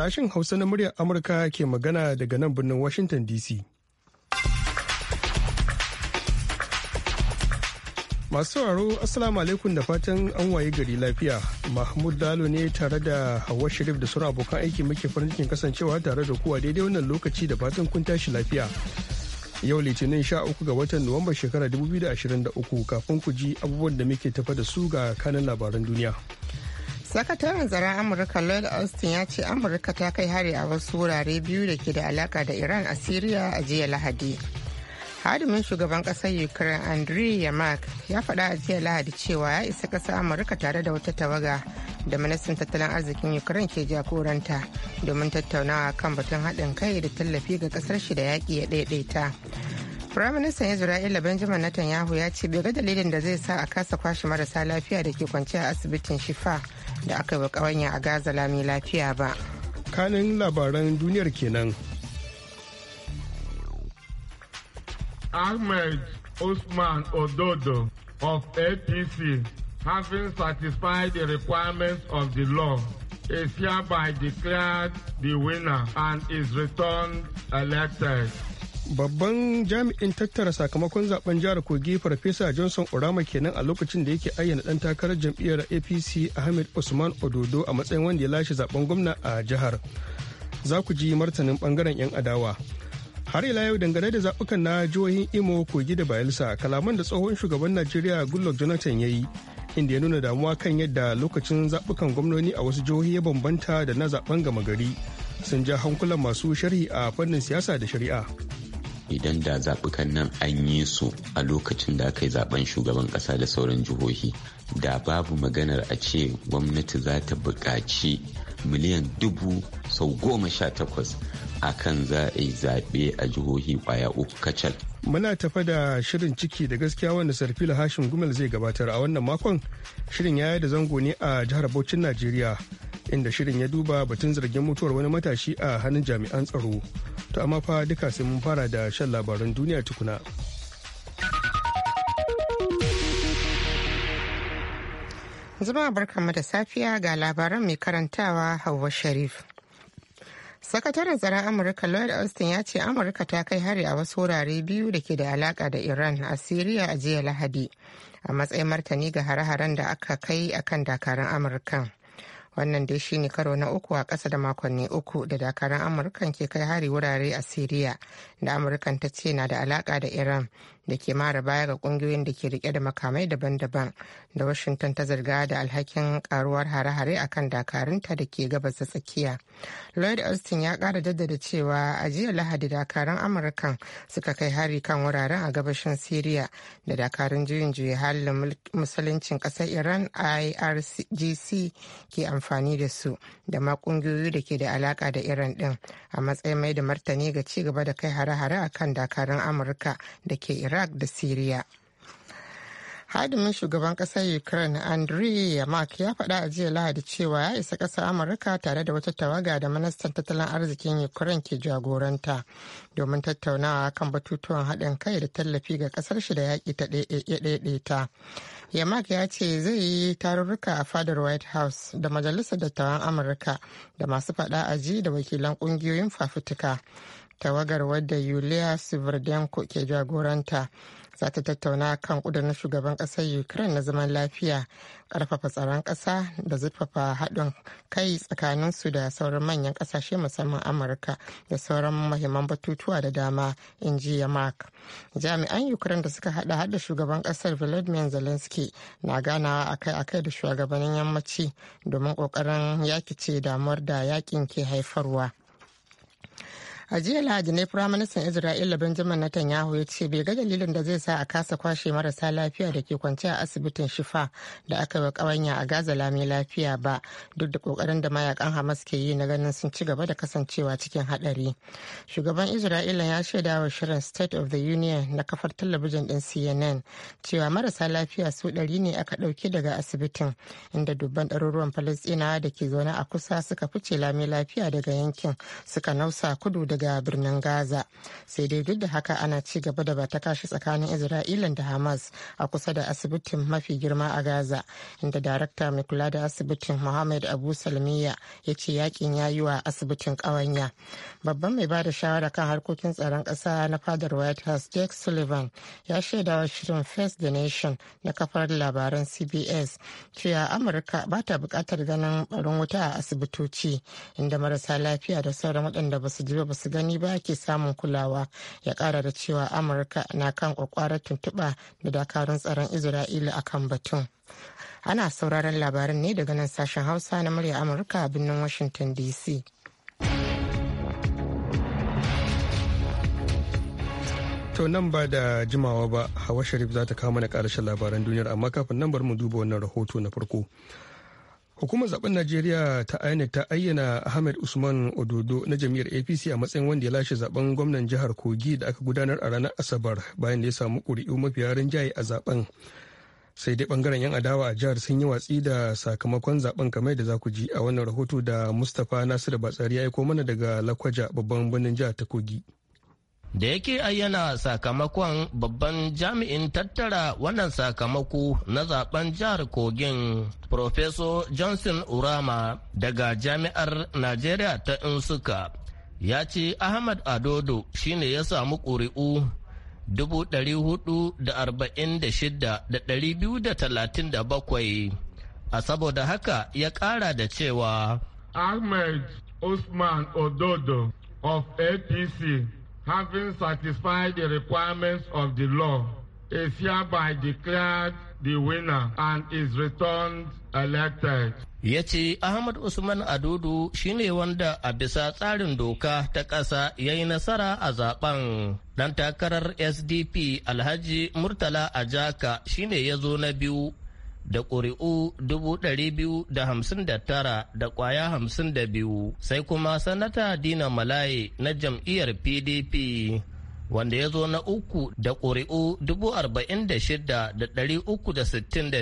Sashen Hausa na muryar Amurka ke magana daga nan birnin Washington DC. Masu sauraro Assalamu alaikum da fatan an waye gari lafiya. Mahmud Dalo ne tare da hawa Sharif da sauran abokan aiki muke farin cikin kasancewa tare da kuwa daidai wannan lokaci da fatan kun tashi lafiya. Yau Litinin sha uku ga watan Nuwamba shekara 2023 kafin ku ji abubuwan da muke tafa da su ga kanin labaran duniya. sakataren zaren amurka lloyd austin ya ce amurka ta kai hari a wasu wurare biyu da ke da alaka da iran a syria a jiya lahadi hadimin shugaban kasar ukraine andriy yamak ya faɗa a jiya lahadi cewa ya isa ƙasar amurka tare da wata tawaga da ministan tattalin arzikin ukraine ke jagoranta domin tattaunawa kan batun haɗin kai da tallafi ga ƙasar shi da yaƙi ya ɗaiɗaita Firaministan Isra'ila Benjamin Netanyahu ya ce bai ga dalilin da zai sa a kasa kwashe marasa lafiya da ke kwance a asibitin Shifa da aka yi ƙawanya a gaza lami lafiya ba kanin labaran duniyar kenan ahmed usman ododo of apc having satisfied the requirements of the law is hereby declared the winner and is returned elected babban jami'in tattara sakamakon zaben jihar kogi farfesa johnson orama kenan a lokacin da yake ayyana dan takarar jam'iyyar apc ahmed usman ododo a matsayin wanda ya lashe zaben gwamna a jihar za ku ji martanin bangaren 'yan adawa har ila yau dangane da zaɓukan na jihohin imo kogi da bayelsa kalaman da tsohon shugaban najeriya goodluck jonathan ya yi inda ya nuna damuwa kan yadda lokacin zabukan gwamnoni a wasu jihohi ya bambanta da na zaɓen gama gari sun ja hankulan masu sharhi a fannin siyasa da shari'a idan da zaɓukan nan an yi su a lokacin da aka yi zaɓen shugaban ƙasa da sauran jihohi da babu maganar a ce gwamnati za ta buƙaci miliyan dubu sau goma sha takwas a kan za a yi zaɓe a jihohi ƙwaya uku kacal. Muna tafa da shirin ciki da gaskiya wanda Sarfila Hashim Gumel zai gabatar a wannan makon shirin ya da zango ne a jihar Bauchin Najeriya inda shirin ya duba batun zargin mutuwar wani matashi a hannun jami'an tsaro. To amma fa duka sai mun fara da shan labaran duniya tukuna. Zuma barkanmu da safiya ga labaran mai karantawa Hauwa Sharif. Sakataren tsaron Amurka Lloyd Austin ya ce Amurka ta kai hari a wasu wurare biyu da ke da alaka da Iran a Siriya a jiya Lahadi a matsayin martani ga hare-haren da aka kai akan dakarun Amurkan. wannan dai shine karo na uku a ƙasa da makonni uku da dakaran amurkan ke kai hari wurare a siriya da amurkan ta ce na da alaka da iran da ke mara baya ga kungiyoyin da ke rike da makamai daban-daban da washington ta zarga da alhakin karuwar hare-hare a kan dakarunta da ke gabas da tsakiya lloyd austin ya kara jaddada cewa a jiya lahadi dakarun amurkan suka kai hari kan wuraren a gabashin syria da dakarun juyin juya halin musuluncin kasar iran irgc ke amfani da su da ma kungiyoyi da ke da alaka da iran din a matsayin mai da martani ga ci gaba da kai hare-hare akan dakarun amurka da ke iran iraq da syria hadimin shugaban kasar ukraine andriy yamak ya faɗa a jiya lahadi cewa ya isa ƙasar amurka tare da wata tawaga da ministan tattalin arzikin ukraine ke jagoranta domin tattaunawa kan batutuwan haɗin kai da tallafi ga ƙasar shi da yaƙi ta ɗaiɗaita yamak ya ce zai yi tarurruka a fadar white house da majalisar dattawan amurka da masu faɗa aji da wakilan ƙungiyoyin fafutuka tawagar wadda yulia sivirdenko ke jagoranta za ta tattauna kan kudurin shugaban kasar ukraine na zaman lafiya karfafa tsaron kasa da zurfafa haɗin kai tsakanin su da sauran manyan kasashe musamman amurka da sauran mahimman batutuwa da dama in ji ya mark jami'an ukraine da suka hada hada shugaban kasar vladimir zelensky na ganawa akai-akai da shugabannin yammaci domin kokarin yakice damuwar da yakin ke haifarwa a jiya lahadi ne firaministan isra'ila benjamin netanyahu ya ce bai ga dalilin da zai sa a kasa kwashe marasa lafiya da ke kwance a asibitin shifa da aka yi wa kawanya a gaza lami lafiya ba duk da kokarin da mayakan hamas ke yi na ganin sun ci gaba da kasancewa cikin hadari shugaban isra'ila ya shaida wa shirin state of the union na kafar talabijin din cnn cewa marasa lafiya su ɗari ne aka ɗauki daga asibitin inda dubban ɗaruruwan falastinawa da ke zaune a kusa suka fice lami lafiya daga yankin suka nausa kudu da daga birnin gaza sai dai duk da haka ana ci gaba da bata kashi tsakanin isra'ila da hamas a kusa da asibitin mafi girma a gaza inda darakta mai kula da asibitin mohammed abu salmiya ya ce yakin ya yi wa asibitin ƙawanya babban mai bada shawara kan harkokin tsaron ƙasa na fadar white house jake sullivan ya shaidawa shirin first the nation na kafar labaran cbs cewa amurka ba ta buƙatar ganin barin wuta a asibitoci inda marasa lafiya da sauran waɗanda ba su ji ba su gani ba ke samun kulawa ya kara da cewa amurka na kan kwakwarar tuntuɓa da dakarun tsaron isra'ila akan batun ana sauraron labarin ne daga nan sashen hausa na murya amurka a birnin washington dc to nan ba da jimawa ba hawa sharif za ta kawo mana karshen labaran duniyar amma kafin nan bar mu duba wannan rahoto na farko Hukumar zaben Najeriya ta INEC ta ayyana Ahmed Usman Ododo na jam'iyyar APC a matsayin wanda ya lashe zaben gwamnan jihar Kogi da aka gudanar a ranar Asabar bayan da ya samu kuri'u mafiya rinjaye a zaben. Sai dai bangaren 'yan adawa a jihar sun yi watsi da sakamakon zaben kamar da za ku ji a wannan rahoto da Mustapha Nasiru Batsari ya aiko mana daga Lakwaja babban birnin jihar ta Kogi. da yake ayyana sakamakon babban jami'in tattara wannan sakamako na zaben jihar kogin professor johnson urama daga jami'ar najeriya ta insuka ya ce ahmad adodo shine ya samu ƙuri'u 446,237 a saboda haka ya ƙara da cewa ahmed usman ododo of apc having satisfied the requirements of the law, is hereby declared the winner and is returned elected. Ya ce Ahmad Usman Adudu shine wanda a bisa tsarin doka ta ƙasa ya yi nasara a zaben. Dan takarar SDP Alhaji Murtala Ajaka shine ya zo na biyu da ƙuri'u biyu da ƙwaya hamsin da biyu. sai kuma sanata dina malaye na jam'iyyar pdp wanda ya zo na uku da ƙuri'u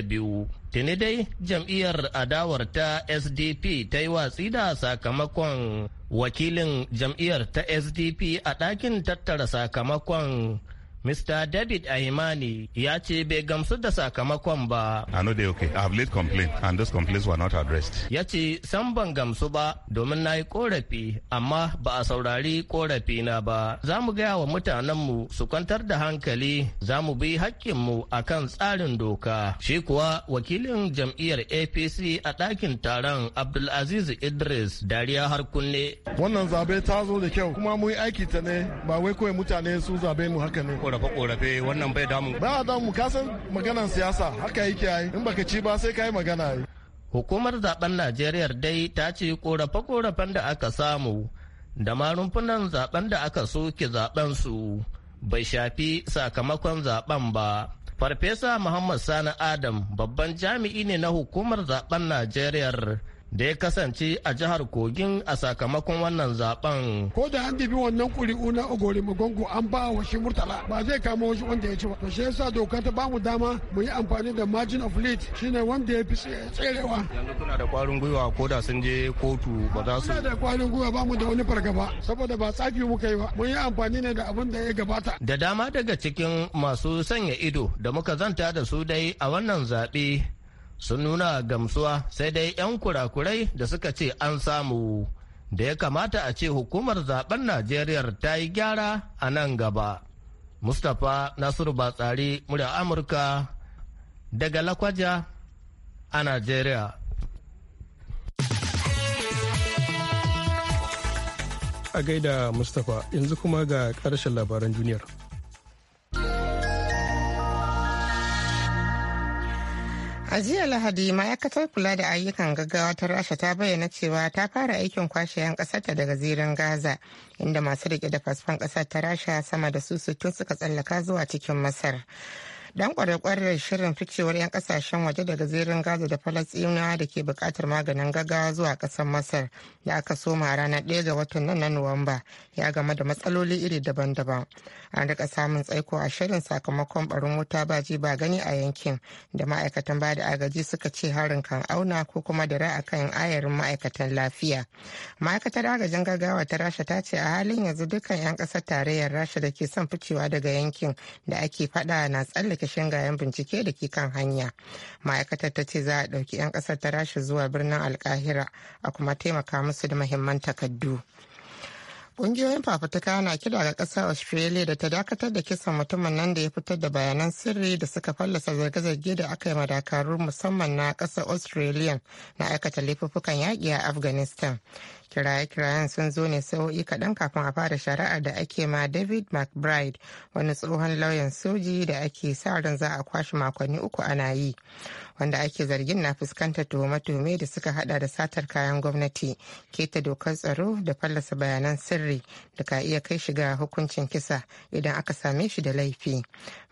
biyu. tuni dai jam'iyyar adawar ta sdp ta yi watsi da sakamakon wakilin jam'iyyar ta sdp a ɗakin tattara sakamakon Mr. David Ahimani ya ce bai gamsu da sakamakon ba. I know they okay. I have late complaint and those complaints were not addressed. Ya ce san ban gamsu ba domin na yi korafi amma ba a saurari korafi na ba. Za mu gaya wa mutanenmu su kwantar da hankali za mu bi hakkinmu a kan tsarin doka. Shi kuwa wakilin jam'iyyar APC a ɗakin taron Abdulaziz Idris Dariya Harkunne. Wannan zabe ta zo da kyau kuma mu yi aiki ta ne ba wai kawai mutane su zabe mu haka ne. korafe-korafe wannan bai damu. Ba a damu kasan maganan siyasa haka yake yi in baka ci ba sai ka magana yi. Hukumar zaben Najeriya dai ta ce korafe-korafen da aka samu da ma rumfunan zaben da aka soke zaben su bai shafi sakamakon zaben ba. Farfesa Muhammad Sani Adam babban jami'i ne na hukumar zaben Najeriya da ya kasance a jihar kogin a sakamakon wannan zaben. ko da an dibi wannan kuri'u na ogori magongo an ba wa shi murtala ba zai kama wasu wanda ya ci ba to shi yasa doka ta bamu dama mu yi amfani da margin of lead shine wanda ya fi tserewa yanzu kuna da kwarin gwiwa ko da sun je kotu ba za su da kwarin gwiwa bamu da wani fargaba saboda ba tsafi muka yi ba mun yi amfani ne da abin da ya gabata da dama daga cikin masu sanya ido da muka zanta da su dai a wannan zaɓe sun nuna gamsuwa sai dai 'yan kurakurai da suka ce an samu da ya kamata a ce hukumar zaben najeriya ta yi gyara a nan gaba mustapha nasiru batsari murya amurka daga lakwaja a najeriya a gaida mustapha yanzu kuma ga ƙarshen labaran duniyar. A jiya Lahadi ma'aikatar kula da ayyukan gaggawa ta Rasha ta bayyana cewa ta fara aikin kwashe 'yan ƙasarta daga zirin Gaza inda masu rike da fasfon ƙasar ta Rasha sama da su sittin suka tsallaka zuwa cikin Masar. dan kwarekwarar shirin ficewar 'yan kasashen waje daga zirin gaza da falasina da ke bukatar maganin gaga zuwa kasar masar da aka soma ranar 1 ga watan nan na nuwamba ya gama da matsaloli iri daban-daban an rika samun tsaiko a shirin sakamakon barin wuta ba ji ba gani a yankin da ma'aikatan bada agaji suka ce harin kan auna ko kuma da ra'a kan ayarin ma'aikatan lafiya ma'aikatar agajin gaggawa ta rasha ta ce a halin yanzu dukkan 'yan kasar tarayyar rasha da ke son ficewa daga yankin da ake fada na tsallake shingayen bincike da ke kan hanya ma'aikatar ta ce za a ɗauki 'yan ƙasar ta rasha zuwa birnin alkahira a kuma taimaka musu da muhimman takaddu Ƙungiyoyin fafutuka na kira ga ƙasar Australia da ta dakatar da kisan mutumin nan da ya fitar da bayanan sirri da suka fallasa zarge-zarge da aka yi madakarun musamman na ƙasar Australia na aikata laifuffukan yaƙi a Afghanistan. kiraye-kirayen sun zo ne sa'o'i kaɗan kafin a fara shari'ar da ake ma david mcbride wani tsohon lauyan soji da ake sa ran za a kwashe makonni uku ana yi wanda ake zargin na fuskantar tuhume-tuhume da suka hada da satar kayan gwamnati keta dokar tsaro da fallasa bayanan sirri da ka iya kai shiga hukuncin kisa idan aka same shi da laifi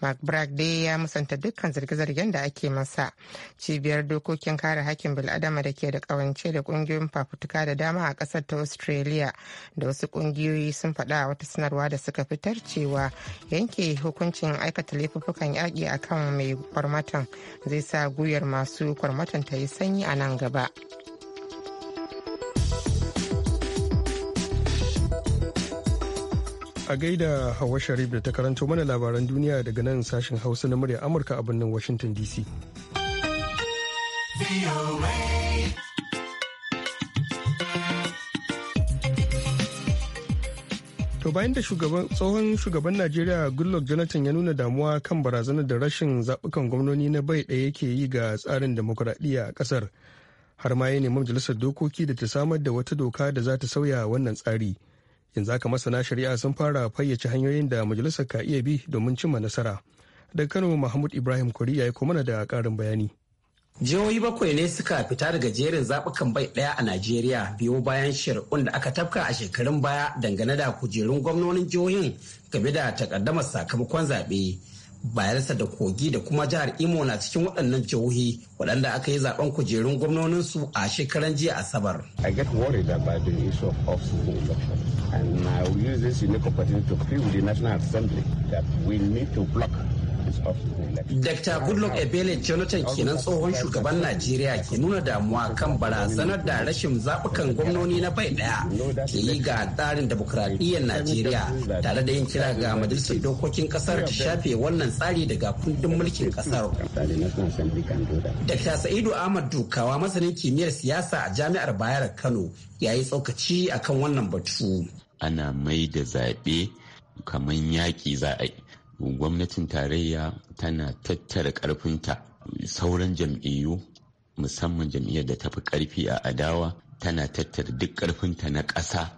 mcbride dai ya musanta dukkan zarge-zargen da ake masa cibiyar dokokin kare hakkin bil'adama da ke da kawance da kungiyoyin fafutuka da dama a kasar ta australia da wasu kungiyoyi sun faɗa wata sanarwa da suka fitar cewa yanke hukuncin aikata laifuffukan yaƙi akan mai kwarmatan zai sa guyar masu kwarmatan ta yi sanyi a nan gaba a gaida hawa sharif da ta karanto mana labaran duniya daga nan sashen hausa na murya amurka a birnin washington dc To bayan da tsohon shugaban Najeriya Goodluck Jonathan ya nuna damuwa kan barazanar da rashin zabukan gwamnoni na bai ɗaya yake yi ga tsarin demokuraɗiyya a ƙasar. Har ma ya nemi majalisar dokoki da ta samar da wata doka da za ta sauya wannan tsari. Yanzu haka masana shari'a sun fara fayyace hanyoyin da majalisar ka iya bi domin cimma nasara. Daga Kano Mahmud Ibrahim Kuri ya yi mana da ƙarin bayani. Jihohi bakwai ne suka fita daga jerin zaɓukan bai ɗaya a Najeriya biyo bayan shirkun da aka tafka a shekarun baya dangane da kujerun gwamnonin jihohin game da takaddamar sakamakon zaɓe. bayelsa da kogi da kuma jihar imo na cikin waɗannan jihohi waɗanda aka yi zaben kujerun su a shekaran jiya asabar i get worried about the issue of off election and i will use this unique opportunity to plead with the national assembly that we need to block Dr. Goodluck Ebele Jonathan kenan tsohon shugaban Najeriya ke nuna damuwa kan barazanar da rashin zaɓukan gwamnoni na bai ɗaya ke yi ga tsarin demokuraɗiyyar Najeriya tare da yin kira ga majalisar dokokin ƙasar ta shafe wannan tsari daga kundin mulkin ƙasar. Dr. Sa'idu Ahmad Dukawa masanin kimiyyar siyasa a Jami'ar Bayar Kano ya yi tsokaci akan wannan batu. Ana mai da zaɓe kamar yaƙi za a yi. gwamnatin tarayya tana tattara karfinta sauran jam'iyyu musamman jam'iyyar da ta fi ƙarfi a adawa tana tattara duk karfinta na ƙasa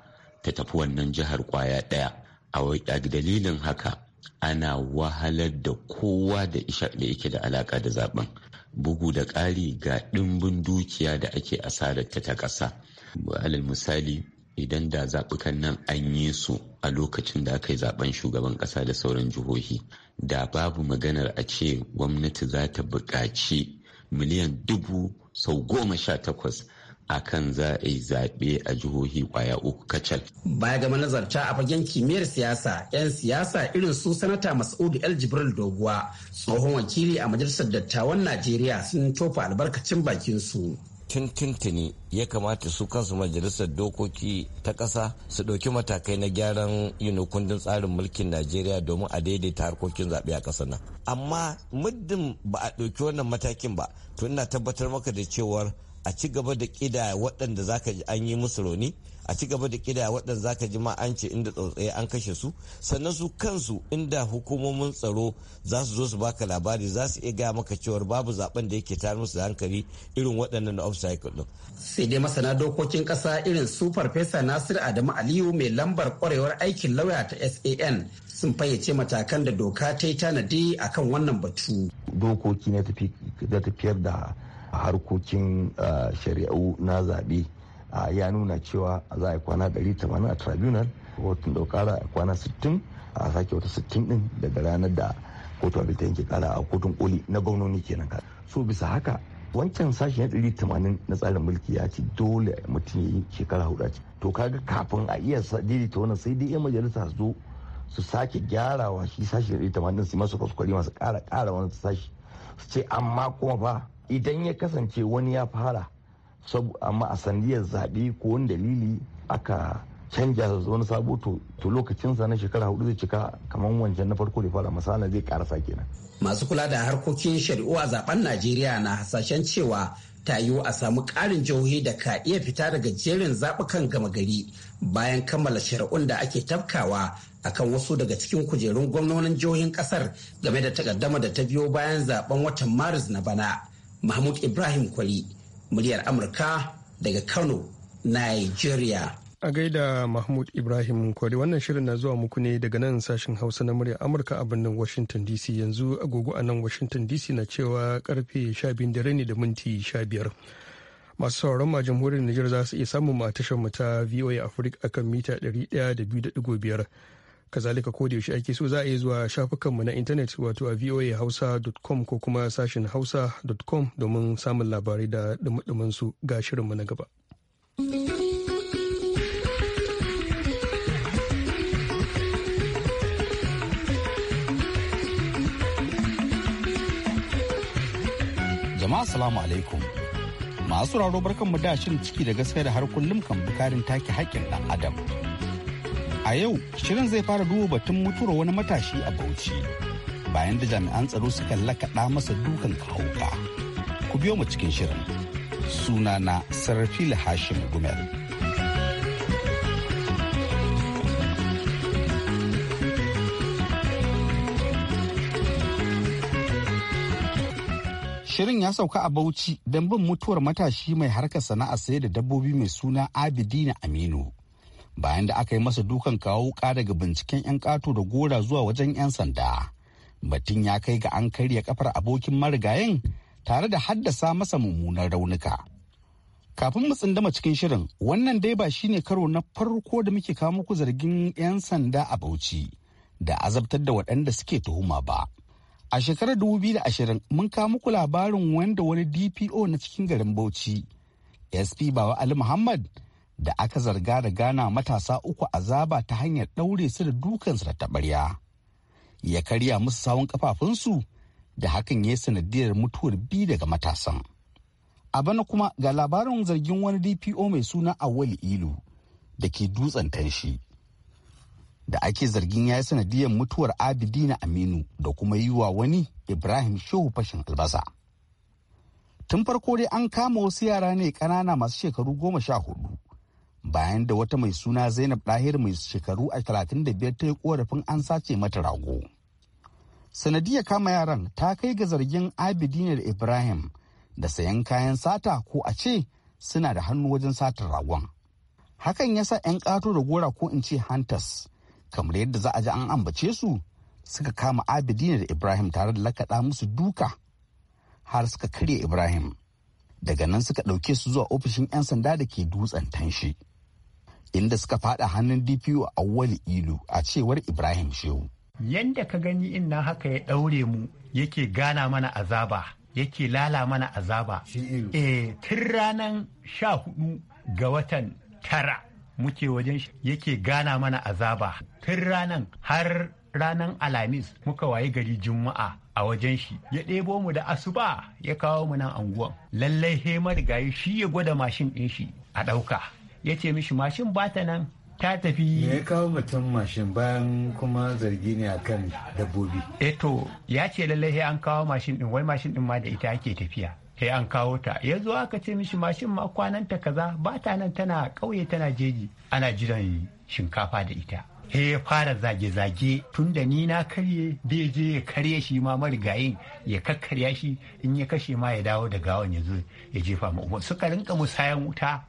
ta tafi wannan jihar kwaya ɗaya a dalilin haka ana wahalar da kowa da yake da alaƙa da zaben bugu da ƙari ga ɗimbin dukiya da ake asararta ta ƙasa alal misali idan da zaɓukan nan an yi su a lokacin da aka yi zaɓen shugaban ƙasa da sauran jihohi da babu maganar a ce gwamnati za ta buƙaci miliyan dubu sau goma sha takwas a kan za a yi zaɓe a jihohi ƙwaya uku kacal. Baya ga manazarta a fagen kimiyyar siyasa, 'yan siyasa irin su sanata Mas'udu El Jibril Doguwa, tsohon wakili a majalisar dattawan Najeriya sun tofa albarkacin bakin su. tuntuntuni ya kamata su kansu majalisar dokoki ta ƙasa su ɗauki matakai na gyaran yin kundin tsarin mulkin najeriya domin a daidaita harkokin zaɓe a ƙasa nan amma muddin ba a ɗauki wannan matakin ba to ina tabbatar maka da cewar a ci gaba da ƙida waɗanda zaka ji an yi musu rauni a ci gaba da kida waɗanda zaka ji ma an ce inda tsautsaye an kashe su sannan su kansu inda hukumomin tsaro za su zo su baka labari za su iya gaya maka cewar babu zaben da yake tare musu hankali irin waɗannan na off sai dai masana dokokin ƙasa irin su farfesa nasir adamu aliyu mai lambar kwarewar aikin lauya ta san sun fayyace matakan da doka ta yi tanadi a kan wannan batu. dokoki na tafiyar da harkokin eh, shari'u na zaɓe ya nuna cewa za a yi kwana 180 a tribunal kotun daukara a kwana 60 a sake wata 60 din daga ranar da kotu abin ta yanke kara a kotun koli na gwamnoni kenan so bisa haka wancan sashen na 180 na tsarin mulki ya ce dole mutum ya yi shekara hudu to kaga kafin a iya daidaita wannan sai dai yan majalisa su zo su sake gyarawa shi sashi da 180 su masu kuskure masu kara kara wani sashi su ce amma kuma ba idan ya kasance wani ya fara amma a sandiyar zaɓe ko wani dalili aka canja wani sabo to sa na shekara hudu zai cika kamar wancan na farko da fara misali zai karasa kenan. Masu kula da harkokin shari'u a zaben Najeriya na hasashen cewa ta yiwu a samu ƙarin jihohi da ka iya fita daga jerin zaɓukan gama gari bayan kammala shari'un da ake tafkawa akan wasu daga cikin kujerun gwamnonin jihohin ƙasar game da takaddama da ta biyo bayan zaben watan Maris na bana. Mahmud Ibrahim Kwari, muryar Amurka daga Kano, Nigeria. A gaida Mahmud Ibrahim Kwari wannan shirin na zuwa muku ne daga nan sashen Hausa na murya Amurka a birnin Washington DC yanzu agogo a nan Washington DC na cewa karfe 12 dare ne da minti 15. masu sauraron ma jamhuriyar Nijar za su iya samun mu a tashar mu ta VOA Africa akan mita 102.5 kazalika ko da yaushe ake so za a iya zuwa shafukanmu na intanet wato a voahausa.com ko kuma sashin hausa.com domin samun labarai da dumudumin su ga shirinmu na gaba. Jama'a salamu alaikum. Masu raro barkanmu da shirin ciki da gaskiya da har kullum kan bukarin take haƙƙin ɗan Adam. A yau, shirin zai fara duba batun mutuwar wani matashi a Bauchi. Bayan da jami'an tsaro suka lakaɗa masa dukan kawuka. Ku biyo mu cikin shirin. suna na Sarfila Hashim Gumel. Shirin ya sauka a Bauchi don bin mutuwar matashi mai harkar sana'a sayar da dabbobi mai suna Abidina Aminu. bayan da aka yi masa dukan kawo wuka daga binciken 'yan kato da gora zuwa wajen 'yan sanda batun ya kai ga an karya kafar abokin marigayin tare da haddasa masa mummunan raunuka kafin mu tsindama cikin shirin wannan dai ba shine karo na farko da muke kawo muku zargin 'yan sanda a bauchi da azabtar da waɗanda suke tuhuma ba a shekarar 2020 mun kawo muku labarin wanda wani dpo na cikin garin bauchi sp bawa ali muhammad da aka zarga da gana matasa uku azaba ta hanyar ɗaure su da dukansu da taɓarya ya karya musu sawun kafafunsu da hakan ya sanadiyar mutuwar bi daga matasan a bana kuma ga labarin zargin wani dpo mai suna awali ilu da ke dutsen tanshi da ake zargin ya yi sanadiyar mutuwar na aminu da kuma yi wa wani ibrahim shehu fashin albasa tun farko dai an kama wasu yara ne ƙanana masu shekaru goma sha hudu bayan da wata mai suna zainab ɗahir mai shekaru a 35 ta yi korafin an sace mata rago sanadiyar kama yaran ta kai ga zargin abidinar ibrahim da sayan kayan sata ko a ce suna da hannu wajen satar ragon hakan ya sa 'yan ƙato da gora ko in ce hantas kamar yadda za a ji an ambace su suka kama abidina ibrahim tare da lakaɗa musu duka har suka karya ibrahim daga nan suka ɗauke su zuwa ofishin 'yan sanda da ke dutsen tanshi inda suka fada hannun DPO a Awwal Ilu a cewar Ibrahim Shehu. Yanda ka gani in haka ya ɗaure mu yake gana mana azaba yake lala mana azaba. Eh tun ranar sha hudu ga watan tara muke wajen yake gana mana azaba tun ranar har ranar Alhamis, muka wayi gari juma'a a wajen shi ya ɗebo mu da asuba ya kawo mu nan anguwan lallai hemar marigayi shi ya gwada mashin ɗin shi a ɗauka ya ce mishi mashin bata nan ta tafi me ya kawo mutum mashin bayan kuma zargi ne akan dabbobi eto eh ya ce lallai an kawo mashin din wai mashin din ma da ita ake tafiya sai an kawo ta ya zo aka ce mishi mashin ma kwananta kaza bata nan tana kauye tana jeji ana jiran shinkafa da ita he ya fara zage-zage tun da ni na karye bai je ya karye shi ma marigayin ya kakkarya shi in ya kashe ma ya dawo da gawan ya zo ya jefa ma uban suka rinka musayan wuta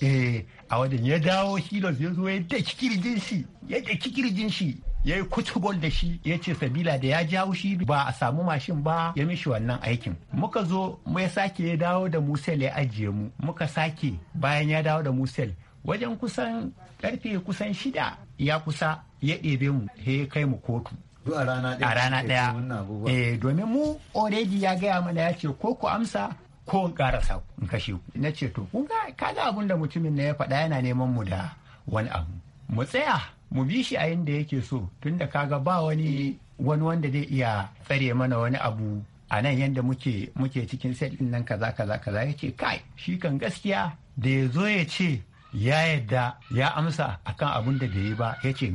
eh, a wajen ya dawo hilos ya zo ya daki kirjin shi ya daki kirjin shi ya yi kutubol da shi ya ce sabila da ya jawo shi ba a samu mashin ba ya mishi wannan aikin muka zo ya sake ya dawo da musel ya ajiye mu muka sake bayan ya dawo da musel wajen kusan karfe kusan shida ya kusa ya ɗebe mu he kai mu kotu a rana ɗaya eh domin mu already ya gaya mana ya ce ko ku amsa ko in karasa in kashe ku na ce to kun kaga abin da mutumin na ya faɗa yana neman mu da wani abu mu tsaya mu bi shi a ya yake so tunda kaga ba wani wani wanda zai iya tsare mana wani abu a nan yadda muke muke cikin set ɗin nan kaza kaza kaza ya ce kai shi kan gaskiya da ya zo ya ce ya yadda ya amsa akan abin da bai yi ba ya ce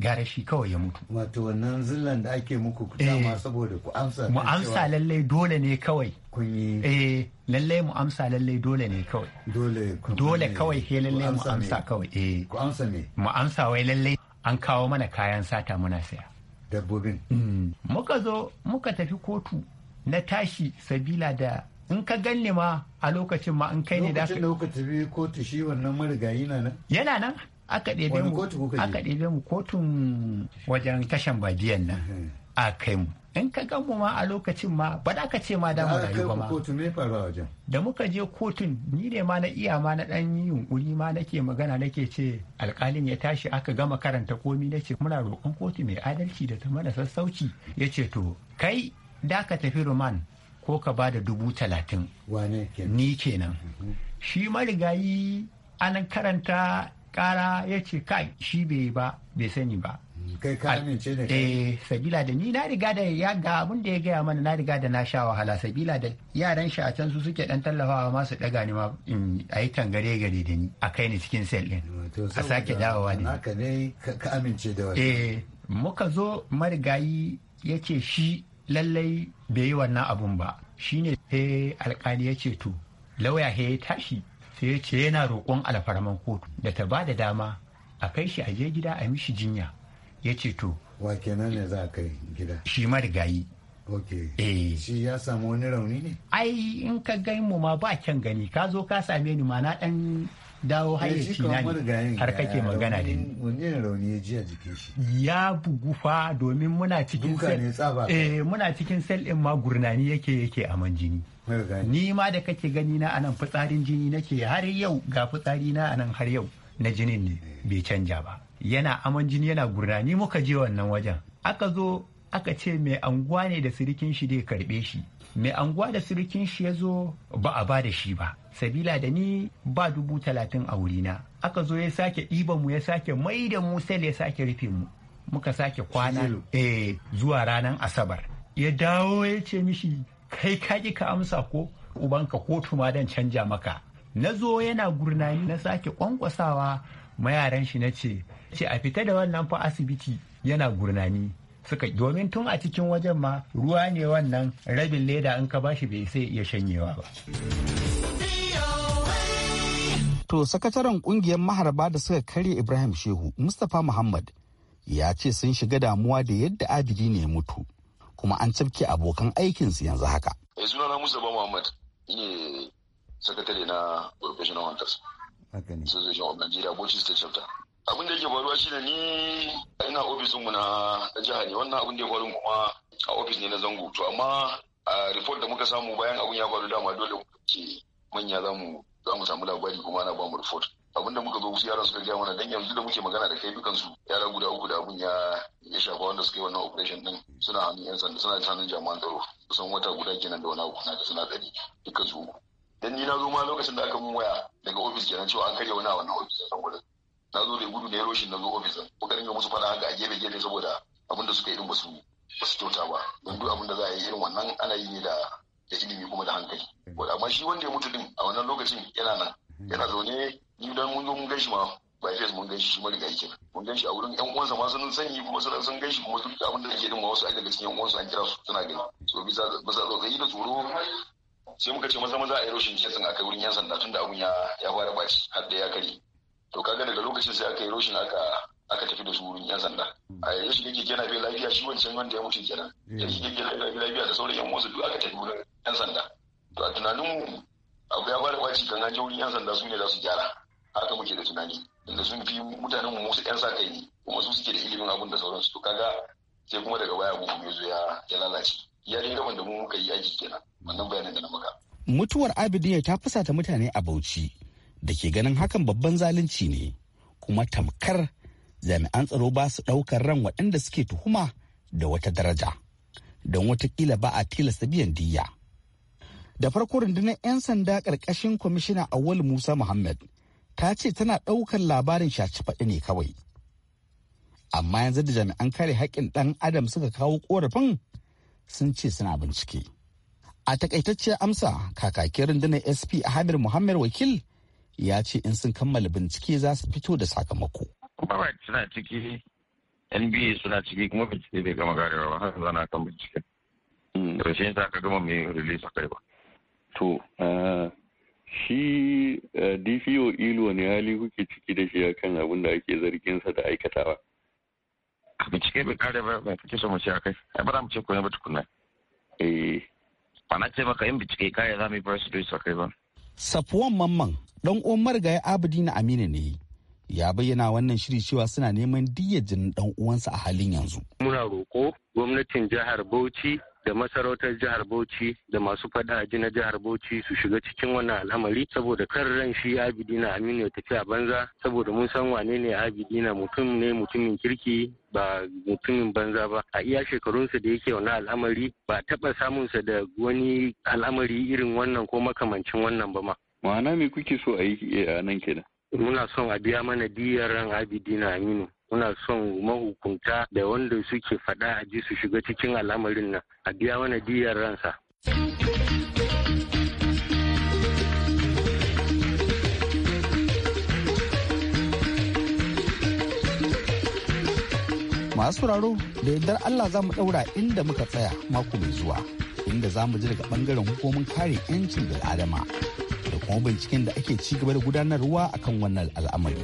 gare shi kawai ya mutu wato wannan zillan da ake muku dama eh. saboda ku amsa mu amsa lallai dole ne kawai kun yi eh lallai mu amsa lallai dole ne kawai dole dole kawai ke lallai mu amsa kawai eh ku amsa ne mu amsa wai lallai an kawo mana kayan sata muna saya dabbobin mm. muka zo muka tafi kotu na tashi sabila da in ka ganni ma a lokacin ma in kai ne da lokacin da kotu shi wannan marigayi na nan yana nan aka ɗebe mu aka ɗebe mu kotun wajen tashan bajiyan nan hmm. a kai mu in ka gan mu ma a lokacin ma ba da ka ce ma da mu rayu ba ma da muka je kotun ni ne ma na iya ma na dan yin yunkuri ma nake magana nake ce Alƙalin ya tashi aka gama karanta komi nace muna roƙon kotu mai adalci da ta mana sassauci yace to kai da ka tafi roman ko ka ba da dubu talatin ni kenan mm-hmm. shi marigayi an karanta kara ya ce kai shi bai ba bai sani ba mm, kai ka amince da kai eh, sabila da ni na riga da ya ga abin da ya gaya mana na riga da na sha wahala sabila da yaran shi a can su suke dan tallafawa ma su daga ni ma a yi tangare gare da ni a kai ni cikin sel din mm, a sake dawowa ne haka ne ka amince da wani eh muka zo marigayi ya ce shi lallai bai yi wannan abun ba shine sai alkali ya ce to lauya he ya tashi sai ya ce yana roƙon alfarman kotu da ta ba da dama a kai shi a je gida a mishi jinya ya ce to wa kenan ne za a kai gida shi marigayi Ok. Eh. Shi ya samu wani rauni ne? Ai in ka gai mu ma ba kyan gani ka zo ka same ni ma na dan dawo eh, hayyaci na har kake magana da ni wanne ne rauni ya ji a jikin shi ya bugu fa domin muna cikin sel eh muna cikin sel din ma gurnani yake yake man jini ni ma da kake gani na anan fitsarin jini nake har yau ga fitsari na anan har yau na jinin ne bai canja ba yana aman jini yana gurnani muka je wannan wajen aka zo aka ce mai anguwa ne da sirikin shi dai karbe shi mai anguwa da sirikin shi ya zo ba a ba da shi ba sabila da ni ba dubu talatin a wurina aka zo ya sake ɗiban mu ya sake mai da mu sai ya sake rufe mu muka sake kwana eh zuwa ranar asabar ya dawo ya ce mishi kai ka ki ka amsa ko ubanka ko tuma dan canja maka na zo yana gurnani na sake kwankwasawa mayaran shi na ce ce a fita da wannan fa asibiti yana gurnani suka domin tun a cikin wajen ma ruwa ne wannan rabin leda in ka bashi bai sai ya shanyewa ba. To sakataren kungiyar maharba da suka karya Ibrahim Shehu Mustapha Muhammad ya ce sun shiga damuwa da yadda abidi ne mutu kuma an cafke abokan aikinsu yanzu haka. Ya eh, Mustapha Muhammad ne sakatare na Professional Hunters. Association of Nigeria Bauchi State Chapter. abin da yake faruwa shine ni ina mu na jiha ne wannan abin da ya faru kuma a ofis ne na zango to amma a report da muka samu bayan abin ya faru dama dole ke manya za mu za mu samu labari kuma ana ba mu report da muka zo su yaran suka gaya mana dan yanzu da muke magana da kai dukan su yara guda uku da abin ya ya shafa wanda suka yi wannan operation din suna hannun yan sanda suna hannun jami'an tsaro kusan wata guda kenan da wani abu na da suna tsari dukkan su dan ni na zo ma lokacin da aka mun waya daga ofis kenan cewa an karya wani a wannan ofis san na zo da gudu na roshin na zo ofisin muka dinga musu fada ga a gefe gefe saboda abin da suka yi din basu basu kyauta ba don duk abin da za a yi irin wannan ana yi ne da da ilimi kuma da hankali amma shi wanda ya mutu din a wannan lokacin yana nan yana zaune ni dan mun zo mun gaishe ma ba fes mun gaishe shi ma daga yake mun gaishe a wurin yan uwansa ma sun sani kuma sun sun gaishe kuma duk abin da yake din ma wasu ai daga cikin yan uwansu an kira su suna gani so bisa bisa tsautsayi da tsoro sai muka ce maza maza a yi roshin kesin a kai wurin yan sanda da abun ya fara baci har da ya kare to kaga daga lokacin sai aka yi roshin aka aka tafi da su wurin yan sanda a yanzu shi yake kenan bai lafiya shi wancan wanda ya mutu kenan ya shi kake lafiya da sauran yan wasu duk aka tafi wurin yan sanda to a tunanin mu abu ya bada kwaci kan an wurin yan sanda su ne za su gyara haka muke da tunani inda sun fi mutanen mu musu yan sa kai ne kuma su suke da ilimin abun da sauransu to kaga sai kuma daga baya abu ya zo ya lalace ya dai gaban da mu muka yi aiki kenan wannan bayanin da na maka mutuwar abidin ta fusata mutane a bauchi da ke ganin hakan babban zalunci ne kuma tamkar jami'an tsaro ba su ɗaukar ran waɗanda suke tuhuma da wata daraja don watakila ba a tilasta biyan diya. Da farko rundunar 'yan sanda ƙarƙashin kwamishina Awal Musa Muhammad ta ce tana ɗaukar labarin shaci ne kawai. Amma yanzu da jami'an kare haƙƙin ɗan Adam suka kawo ƙorafin sun ce suna bincike. A takaitacciyar amsa kakakin rundunar SP Ahmed Muhammad Wakil ya ce in sun kammala bincike za su fito da sakamako. suna ciki, NBA suna To, uh, shi uh, DPO Ilo ne hali kuke ciki da shi kan abin da ake zargin sa da aikatawa. Bincike bai kare ba mai kake so mu akai. Ai ba mu ce ko Eh. Ba na ce maka in bincike kaya za mu yi ba su kai ba. Safuwan Mamman dan uwan marigaya abidi na aminu ne ya bayyana wannan shiri cewa suna neman diya jinin dan uwansa a halin yanzu muna roko gwamnatin jihar bauchi da masarautar jihar Bauchi da masu fada na jihar Bauchi su shiga cikin wannan al'amari saboda kan ran shi Abidina Aminu ya tafi a banza saboda mun san wane ne Abidina mutum ne mutumin kirki ba mutumin banza ba a iya shekarunsa da yake wani al'amari ba taɓa samunsa da wani al'amari irin wannan ko makamancin wannan ba ma ma'ana me kuke so a yi eh, a nan kenan muna son a biya mana diyar ran abidina aminu muna son mahukunta da wanda suke faɗa a ji su shiga cikin al'amarin nan a biya mana diyar ransa masu sauraro da yardar Allah za mu ɗaura inda muka tsaya mako mai zuwa inda za mu ji daga ɓangaren hukumin kare 'yancin adama. kuma binciken da ake ci gaba da gudanarwa akan wannan al'amari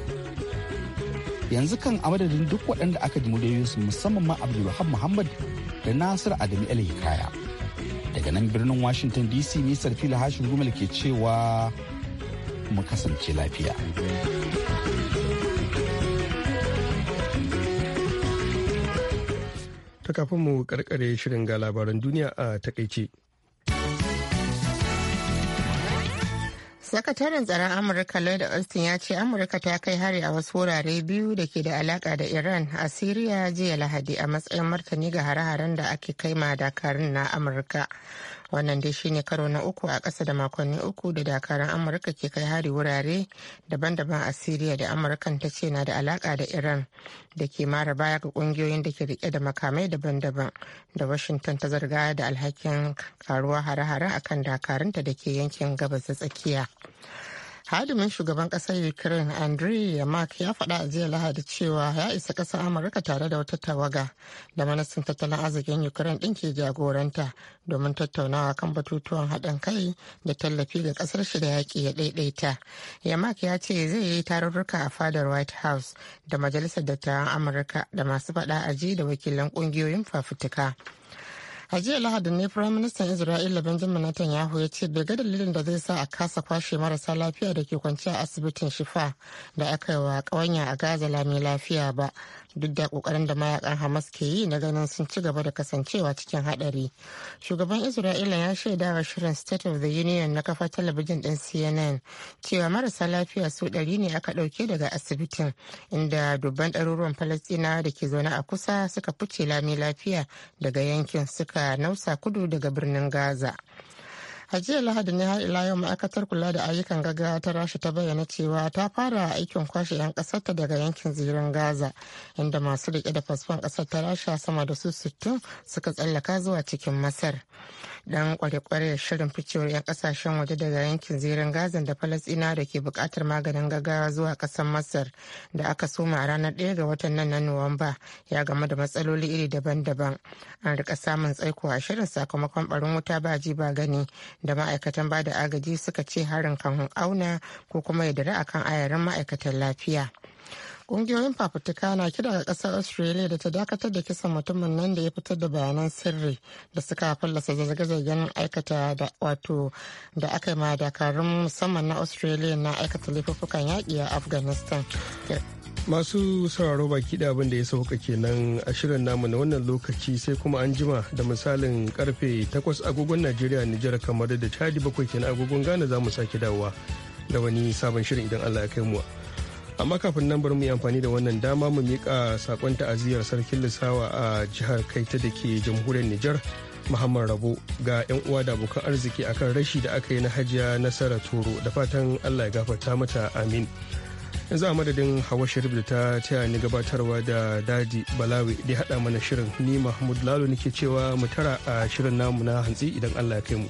yanzu kan a madadin duk waɗanda aka ji su musamman ma abdulwahab muhammad da nasir adami alhikaya daga nan birnin washington dc nisar fila hashin gumal ke cewa mu kasance lafiya ta kafin mu karkare shirin ga labaran duniya a takaice Sakataren tsaron Amurka Lloyd Austin ya ce Amurka ta kai hari a wasu wurare biyu da ke da alaka da Iran a Siriya jiya Lahadi a matsayin martani ga hare-haren da ake kai ma dakarun na Amurka. wannan dai shine karo na uku a ƙasa da makonni uku da dakaran amurka ke kai hari wurare daban-daban a siriya da amurkan ta ce na da alaka da iran da ke mara baya ga ƙungiyoyin da ke rike da makamai daban-daban da washington ta zarga da alhakin karuwa hare-hare akan dakarunta da ke yankin gabas da tsakiya hadimin shugaban kasar ukraine andriy yamak ya faɗa a jiya lahadi cewa ya isa ƙasar amurka tare da wata tawaga da manasin tattalin arzikin ukraine ɗin ke jagoranta domin tattaunawa kan batutuwan haɗin kai da tallafi ga ƙasar shi da yaƙi ya ɗaiɗaita yamak ya ce zai yi tarurruka a fadar white house da majalisar dattawan amurka da masu faɗa aji da wakilan ƙungiyoyin fafutuka. a jiya lahadin ne firaministan isra'ila benjamin netanyahu ya ce bai ga dalilin da zai sa a kasa kwashe marasa lafiya da ke kwanciya asibitin shifa da aka yi wa kawanya a gaza lami lafiya ba duk da kokarin da mayakan hamas ke yi na ganin sun ci gaba da kasancewa cikin hadari shugaban isra'ila ya shaida wa shirin state of the union na kafa talabijin din cnn cewa marasa lafiya su ɗari ne aka ɗauke daga asibitin inda dubban ɗaruruwan falastina da ke zaune a kusa suka fice lami lafiya daga yankin suka nausa kudu daga birnin gaza a jiya lahadi ne har ila yau ma'aikatar kula da ayyukan gaggawa ta rasha ta bayyana cewa ta fara aikin kwashe 'yan kasarta daga yankin zirin gaza inda masu rike da fasfon kasar ta rasha sama da su sittin suka tsallaka zuwa cikin masar dan kware-kware shirin ficewar 'yan kasashen waje daga yankin zirin gazan da falasina da ke bukatar maganin gaggawa zuwa kasar masar da aka soma a ranar 1 ga watan nan na nuwamba ya game da matsaloli iri daban-daban an rika samun tsaiko a shirin sakamakon barin wuta ba ji ba gani da ma'aikatan ba da agaji suka ce harin kan auna ko kuma ya dare akan ayarin ma'aikatan lafiya ƙungiyoyin fafutuka na kira ga ƙasar australia da ta dakatar da kisan mutumin nan da ya fitar da bayanan sirri da suka fallasa zarge aikata da wato da aka yi ma dakarun musamman na australia na aikata laifukan yaƙi a afghanistan masu sauraro baki da abin da ya sauka kenan a shirin namu na wannan lokaci sai kuma an jima da misalin karfe 8 agogon najeriya nijar kamar da chadi bakwai kenan agogon ghana za mu sake dawowa da wani sabon shirin idan allah ya kai mu amma kafin nan bari mu yi amfani da wannan dama mu miƙa sakon ta'aziyar sarkin lissawa a jihar kaita da ke jamhuriyar nijar muhammad rabo ga 'yan uwa da abokan arziki akan rashi da aka yi na hajiya nasara toro da fatan allah ya gafarta mata amin yanzu a madadin hawa sharif da ta taya ni gabatarwa da daji balawi da hada mana shirin ni mahmud lalo nake cewa mu tara a shirin namu na hantsi idan allah ya kai mu